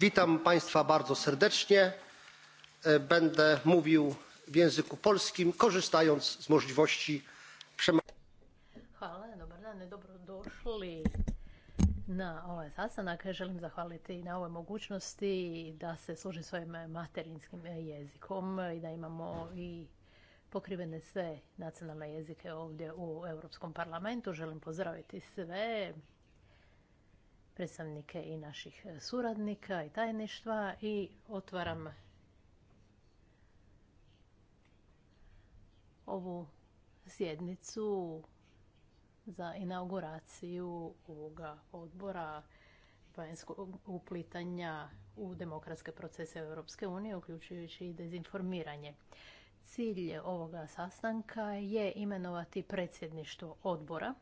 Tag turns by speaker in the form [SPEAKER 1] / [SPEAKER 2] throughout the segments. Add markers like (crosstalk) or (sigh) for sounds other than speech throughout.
[SPEAKER 1] witam państwa bardzo serdecznie. E, będę mówił w języku polskim korzystając z możliwości
[SPEAKER 2] Hvala, dobar na ovaj sastanak. Želim zahvaliti i na ovoj mogućnosti da se služim svojim materinskim jezikom i da imamo i pokrivene sve nacionalne jezike ovdje u Europskom parlamentu. Želim pozdraviti sve predstavnike i naših e, suradnika i tajništva i otvaram ovu sjednicu za inauguraciju ovoga odbora vanjskog uplitanja u demokratske procese Europske unije, uključujući i dezinformiranje. Cilj ovoga sastanka je imenovati predsjedništvo odbora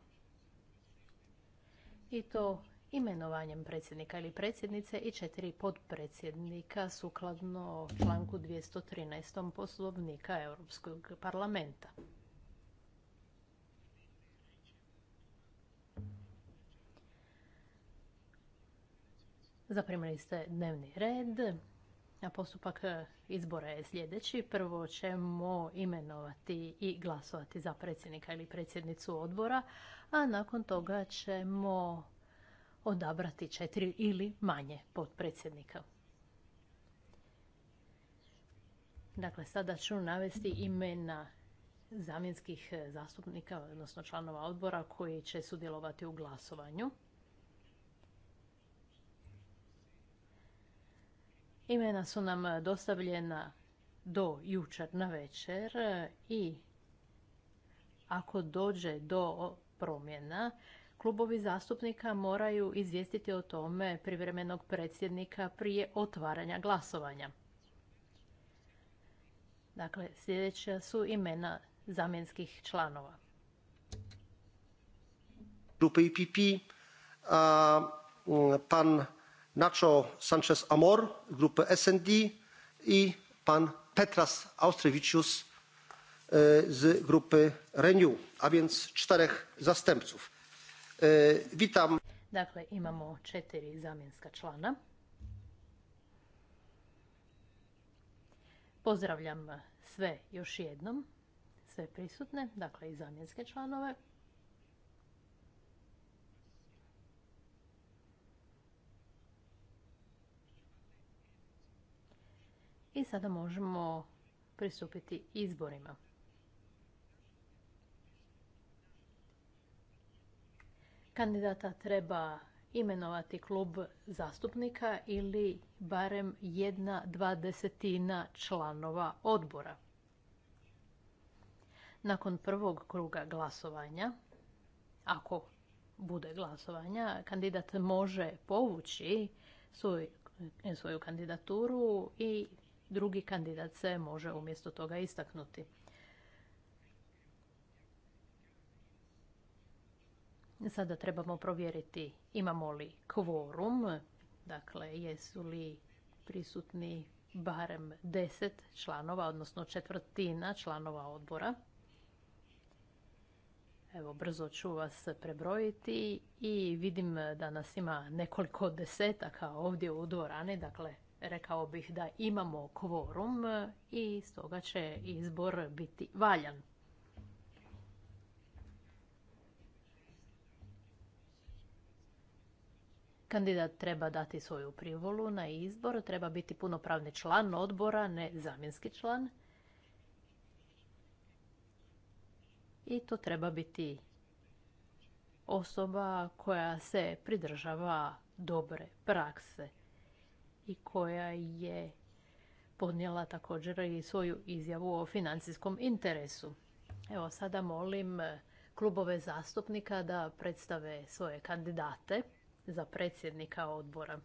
[SPEAKER 2] i to imenovanjem predsjednika ili predsjednice i četiri podpredsjednika sukladno članku 213. poslovnika Europskog parlamenta. Zaprimili ste dnevni red. A postupak izbora je sljedeći. Prvo ćemo imenovati i glasovati za predsjednika ili predsjednicu odbora, a nakon toga ćemo odabrati četiri ili manje potpredsjednika. Dakle, sada ću navesti imena zamjenskih zastupnika, odnosno članova odbora koji će sudjelovati u glasovanju. Imena su nam dostavljena do jučer na večer i ako dođe do promjena, klubovi zastupnika moraju izvijestiti o tome privremenog predsjednika prije otvaranja glasovanja. Dakle, sljedeća su imena zamjenskih članova.
[SPEAKER 1] Grupe IPP, pan Nacho Sanchez Amor, grupe SND i pan Petras Austrevicius e, z grupy Renew, a więc czterech zastępców E, vitam.
[SPEAKER 2] Dakle, imamo četiri zamjenska člana. Pozdravljam sve još jednom, sve prisutne, dakle i zamjenske članove. I sada možemo pristupiti izborima. Kandidata treba imenovati klub zastupnika ili barem jedna desetina članova odbora. Nakon prvog kruga glasovanja, ako bude glasovanja, kandidat može povući svoju kandidaturu i drugi kandidat se može umjesto toga istaknuti. Sada trebamo provjeriti imamo li kvorum, dakle jesu li prisutni barem deset članova, odnosno četvrtina članova odbora. Evo, brzo ću vas prebrojiti i vidim da nas ima nekoliko desetaka ovdje u dvorani, dakle rekao bih da imamo kvorum i stoga će izbor biti valjan. Kandidat treba dati svoju privolu na izbor, treba biti punopravni član odbora, ne zamjenski član. I to treba biti osoba koja se pridržava dobre prakse i koja je podnijela također i svoju izjavu o financijskom interesu. Evo sada molim klubove zastupnika da predstave svoje kandidate za predsjednika odbora.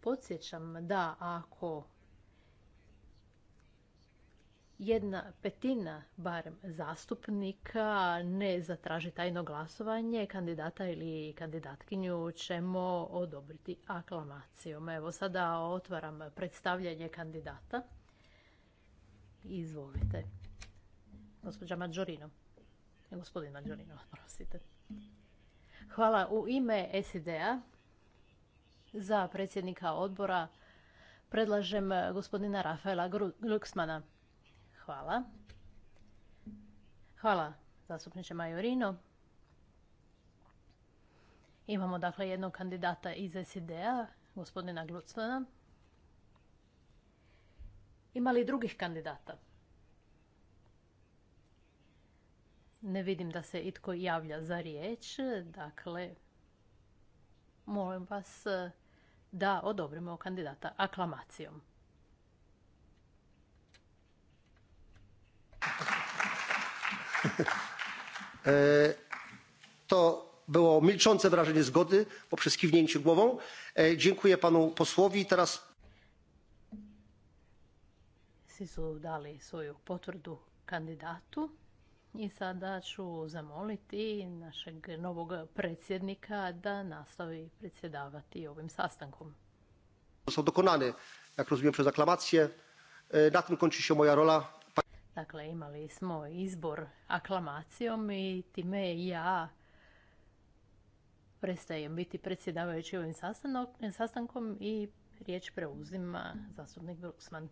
[SPEAKER 2] Podsjećam da ako jedna petina barem zastupnika ne zatraži tajno glasovanje kandidata ili kandidatkinju ćemo odobriti aklamacijom. Evo sada otvaram predstavljanje kandidata. Izvolite. Gospođa Mađorino. Gospodin Mađorino, prosite. Hvala. U ime SID-a za predsjednika odbora predlažem eh, gospodina Rafaela Glucksmana. Hvala. Hvala, zastupniče Majorino. Imamo dakle jednog kandidata iz SID-a, gospodina Glucksmana. Ima li drugih kandidata? Ne vidim da se itko javlja za riječ, dakle, molim vas eh, da odobrimo kandidata aklamacijom.
[SPEAKER 1] (laughs) E, to było milczące wrażenie zgody poprzez kiwnięcie głową. E, dziękuję panu posłowi. Teraz...
[SPEAKER 2] Svi su dali svoju potvrdu kandidatu. I sada ću zamoliti našeg novog predsjednika da nastavi predsjedavati ovim sastankom.
[SPEAKER 1] Są dokonane, jak rozumiem, przez e, się moja rola.
[SPEAKER 2] Dakle, imali smo izbor aklamacijom i time ja prestajem biti predsjedavajući ovim sastankom i riječ preuzima zastupnik Bruksman.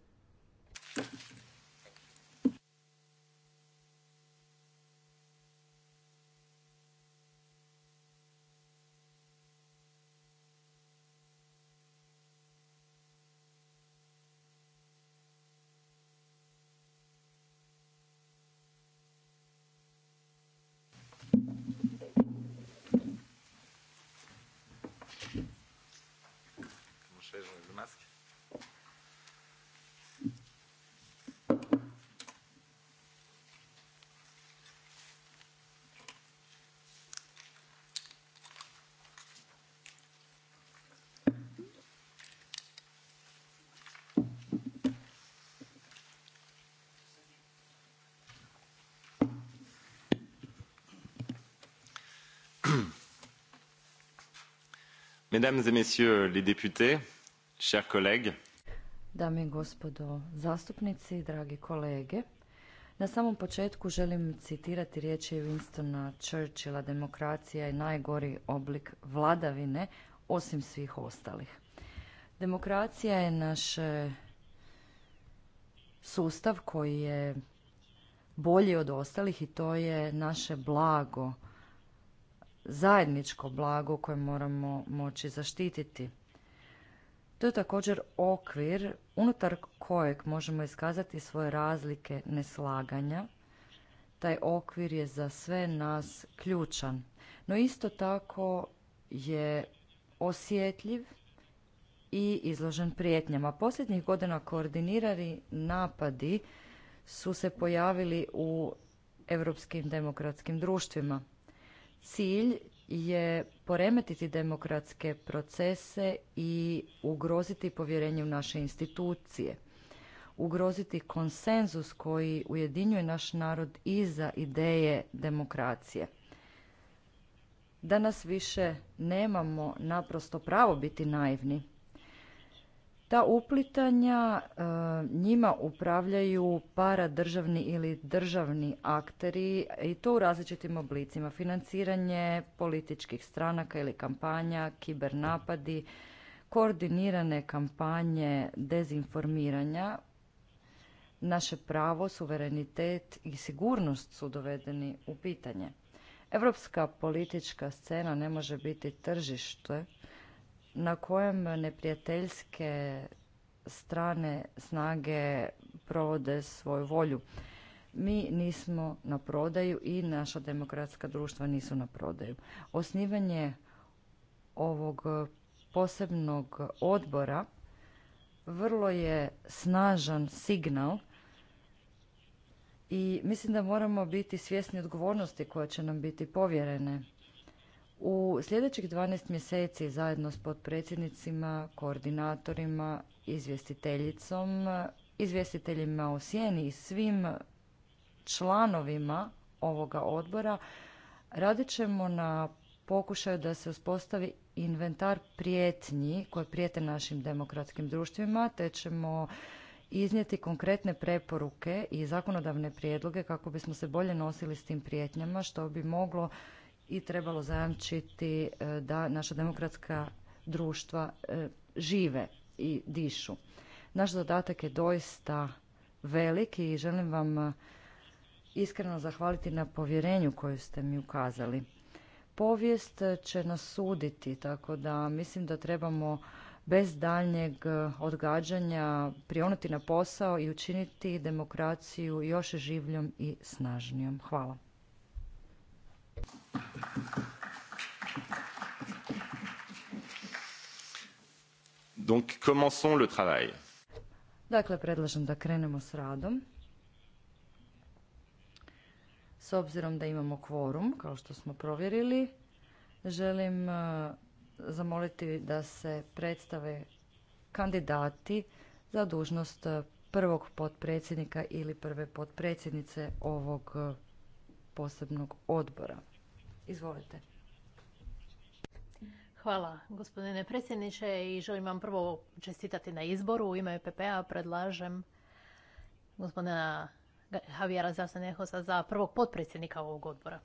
[SPEAKER 1] Mesdames et messieurs les députés, chers collègues.
[SPEAKER 3] Dame i gospodo zastupnici, dragi kolege, na samom početku želim citirati riječi Winstona Churchilla, demokracija je najgori oblik vladavine osim svih ostalih. Demokracija je naš e, sustav koji je bolji od ostalih i to je naše blago zajedničko blago koje moramo moći zaštititi. To je također okvir unutar kojeg možemo iskazati svoje razlike neslaganja. Taj okvir je za sve nas ključan, no isto tako je osjetljiv i izložen prijetnjama. Posljednjih godina koordinirani napadi su se pojavili u europskim demokratskim društvima. Cilj je poremetiti demokratske procese i ugroziti povjerenje u naše institucije, ugroziti konsenzus koji ujedinjuje naš narod iza ideje demokracije. Danas više nemamo naprosto pravo biti naivni. Ta uplitanja e, njima upravljaju paradržavni ili državni akteri i to u različitim oblicima. Financiranje političkih stranaka ili kampanja, kibernapadi, koordinirane kampanje dezinformiranja, naše pravo, suverenitet i sigurnost su dovedeni u pitanje. Europska politička scena ne može biti tržište na kojem neprijateljske strane snage provode svoju volju. Mi nismo na prodaju i naša demokratska društva nisu na prodaju. Osnivanje ovog posebnog odbora vrlo je snažan signal i mislim da moramo biti svjesni odgovornosti koja će nam biti povjerene u sljedećih 12 mjeseci zajedno s potpredsjednicima, koordinatorima, izvjestiteljicom, izvjestiteljima u sjeni i svim članovima ovoga odbora radit ćemo na pokušaju da se uspostavi inventar prijetnji koje prijete našim demokratskim društvima, te ćemo iznijeti konkretne preporuke i zakonodavne prijedloge kako bismo se bolje nosili s tim prijetnjama, što bi moglo i trebalo zajamčiti e, da naša demokratska društva e, žive i dišu. Naš zadatak je doista velik i želim vam e, iskreno zahvaliti na povjerenju koju ste mi ukazali. Povijest će nas suditi, tako da mislim da trebamo bez daljnjeg odgađanja prionuti na posao i učiniti demokraciju još življom i snažnijom. Hvala.
[SPEAKER 1] Donc, commençons le travail.
[SPEAKER 3] Dakle, predlažem da krenemo s radom. S obzirom da imamo kvorum, kao što smo provjerili, želim e, zamoliti da se predstave kandidati za dužnost prvog potpredsjednika ili prve potpredsjednice ovog e, posebnog odbora. Izvolite.
[SPEAKER 2] Hvala gospodine predsjedniče i želim vam prvo čestitati na izboru. U ime PPA predlažem gospodina Javijera Zasanehosa za
[SPEAKER 3] prvog potpredsjednika ovog odbora.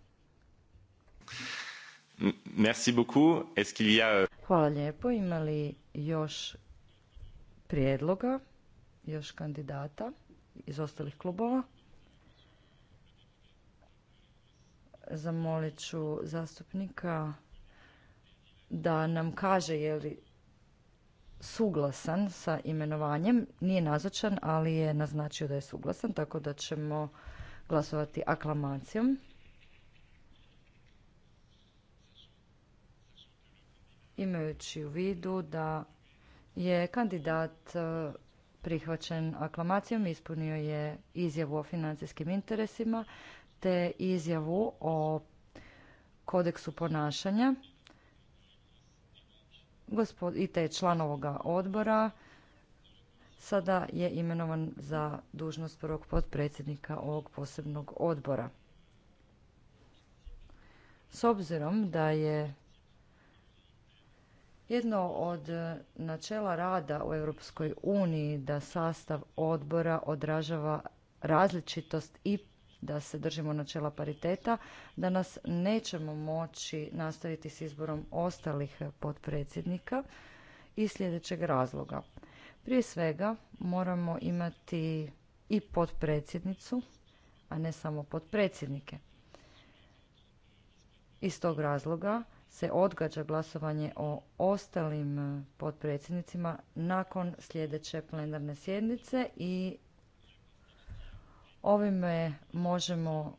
[SPEAKER 3] Euh, Hvala lijepo. Ima li još prijedloga, još kandidata iz ostalih klubova? Zamolit ću zastupnika da nam kaže je li suglasan sa imenovanjem. Nije nazočan, ali je naznačio da je suglasan, tako da ćemo glasovati aklamacijom. Imajući u vidu da je kandidat e, prihvaćen aklamacijom, ispunio je izjavu o financijskim interesima, te izjavu o kodeksu ponašanja i te članovoga odbora sada je imenovan za dužnost prvog potpredsjednika ovog posebnog odbora. S obzirom da je jedno od načela rada u Europskoj uniji da sastav odbora odražava različitost i da se držimo načela pariteta, da nas nećemo moći nastaviti s izborom ostalih potpredsjednika iz sljedećeg razloga. Prije svega moramo imati i potpredsjednicu, a ne samo potpredsjednike. Iz tog razloga se odgađa glasovanje o ostalim potpredsjednicima nakon sljedeće plenarne sjednice i Ovime možemo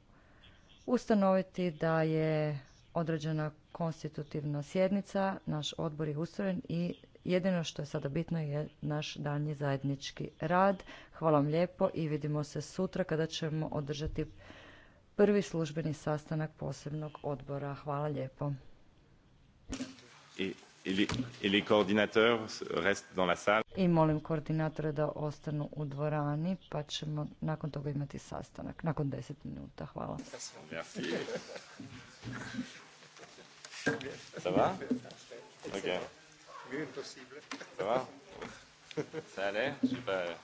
[SPEAKER 3] ustanoviti da je određena konstitutivna sjednica, naš odbor je ustrojen i jedino što je sada bitno je naš daljnji zajednički rad. Hvala vam lijepo i vidimo se sutra kada ćemo održati prvi službeni sastanak posebnog odbora. Hvala lijepo. I molim koordinatore da ostanu u dvorani, pa ćemo nakon toga imati sastanak, nakon 10 minuta. Hvala.
[SPEAKER 1] Merci. va
[SPEAKER 3] va